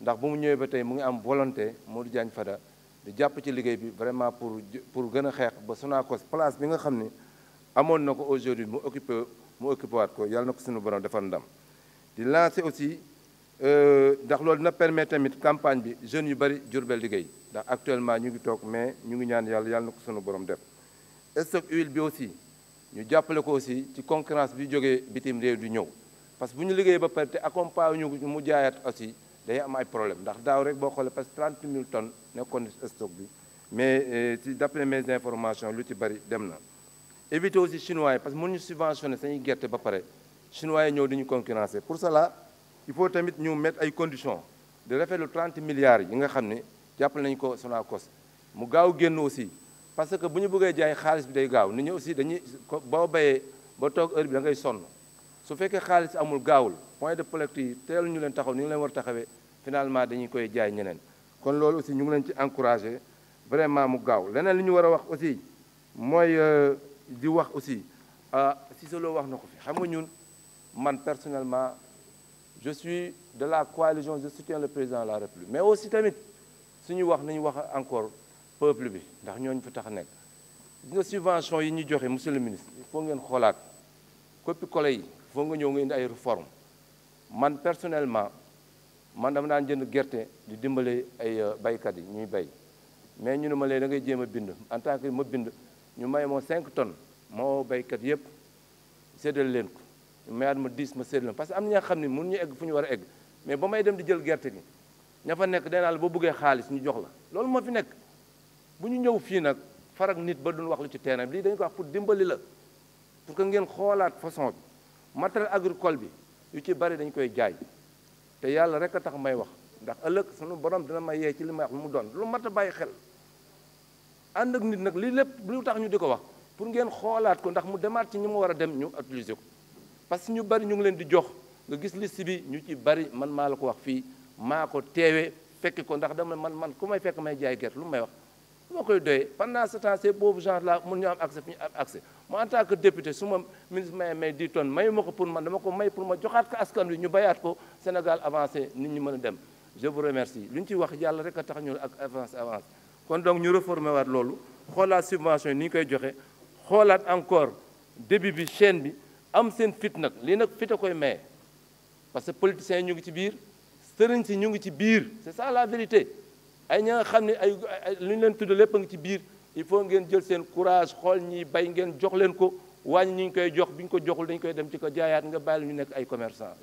ndax bu mu ñëwee ba tey mu ngi am volonté Modou Diagne Fada di jàpp ci liggéey bi vraiment pour pour gën a xeex ba Sonacos place bi nga xam ni amoon na ko aujourd'hui mu occupé mu occupé waat ko yàlla na ko suñu borom defal ndam di lancer aussi euh, ndax loolu na permettre tamit campagne bi jeunes yu bari jurbel liggéey ndax actuellement ñu ngi toog mais ñu ngi ñaan yàlla yàlla na ko suñu borom def stock huile bi aussi ñu jàppale ko aussi ci concurrence bi jógee bitim réew di ñëw parce que bu ñu liggéey ba pare te accompagne ñu mu jaayat aussi dañuy am ay problème ndax daaw rek boo xoolee parce que 30 000 tonnes nekkoon stock bi mais euh, ci d'après mes informations lu ci bëri dem na. éviter aussi chinois yi parce que mënuñu subventionné sañuy gerte ba pare chinois yi ñëw di ñu concurrencer pour cela il faut tamit ñu mettre ay conditions de rafetlu 30 milliards yi nga xam ne jàppale nañu ko Sonacos mu gaaw génn aussi parce que bu ñu bëggee jaay xaalis bi day gaaw nit ñi aussi dañuy boo bayee ba toog heure bi da ngay sonn su fekkee xaalis amul gaawul point de collecte yi teel ñu leen taxaw ni ñu leen war taxawee finalement dañuy koy jaay ñeneen kon loolu aussi ñu ngi leen ci encouragé vraiment mu gaaw leneen li ñu war a wax aussi mooy euh, di wax aussi euh, Cissé solo wax na ko fi xam nga ñun man personnellement je suis de la coalition je soutiens le président de la République mais aussi tamit suñu wax nañu wax encore peuple bi ndax ñooñu fa tax nekk gis nga subvention yi ñu joxe monsieur le ministre il faut ngeen xoolaat copie collé yi foo nga ñëw nga indi ay réforme man personnellement man dama daan jënd gerte di dimbale ay euh, baykat yi ñuy bay mais ñu ne ma léegi da ngay jéem a bind entant tant que ma bind ñu may moo cinq tonnes moo baykat yëpp séddale leen ko mayaat ma 10 ma séddale parce que am na ñoo xam ne ñu egg fu ñu war a egg mais ba may dem di jël gerte gi ña fa nekk danaa la boo buggee xaalis ñu jox la loolu moo fi nekk bu ñu ñëw fii nag farak nit ba duñ wax lu ci terrain bi lii dañu ko wax pour dimbali la pour que ngeen xoolaat façon matériel agricole bi yu ci bari dañ koy jaay te yàlla rek a tax may wax ndax ëllëg sunu borom dina may yee ci li may wax lu mu doon lu mat a bàyyi xel ànd ak nit nag li lépp lu tax ñu di ko wax pour ngeen xoolaat ko ndax mu demaat ci ñu ma war a dem ñu utiliser ko parce que ñu bari ñu ngi leen di jox nga gis liste bi ñu ci bari man maa la ko wax fii maa ko teewee fekki ko ndax dama man man ku may fekk may jaay gerte lu may wax moo koy doyee pendant ce temps ces pauvres gens mun ñu am accès fi ñu tant que député su ma ministre may may 10 tonnes mayu ma ko pour man dama ko may pour ma joxaat ko askan wi ñu bayaat ko Sénégal avancé nit ñi mën a dem je vous remercie lu ñu ci wax yàlla rek a tax ñu ak avance avance kon donc ñu réformer waat loolu xoolaat subvention yi ni ñu koy joxe xoolaat encore début bi chaîne bi am seen fit nag lii nag fit koy maye parce que politiciens yi ñu ngi ci biir sëriñ si ñu ngi ci biir ça la vérité ay ñaa xam ne ay lu ñu leen tudd lépp a ngi ci biir il faut ngeen jël seen courage xool ñi bay ngeen jox leen ko wàññi ñu koy jox bi ñu ko joxul dañu koy dem ci ko jaayaat nga bàyyi ñu nekk ay commerçant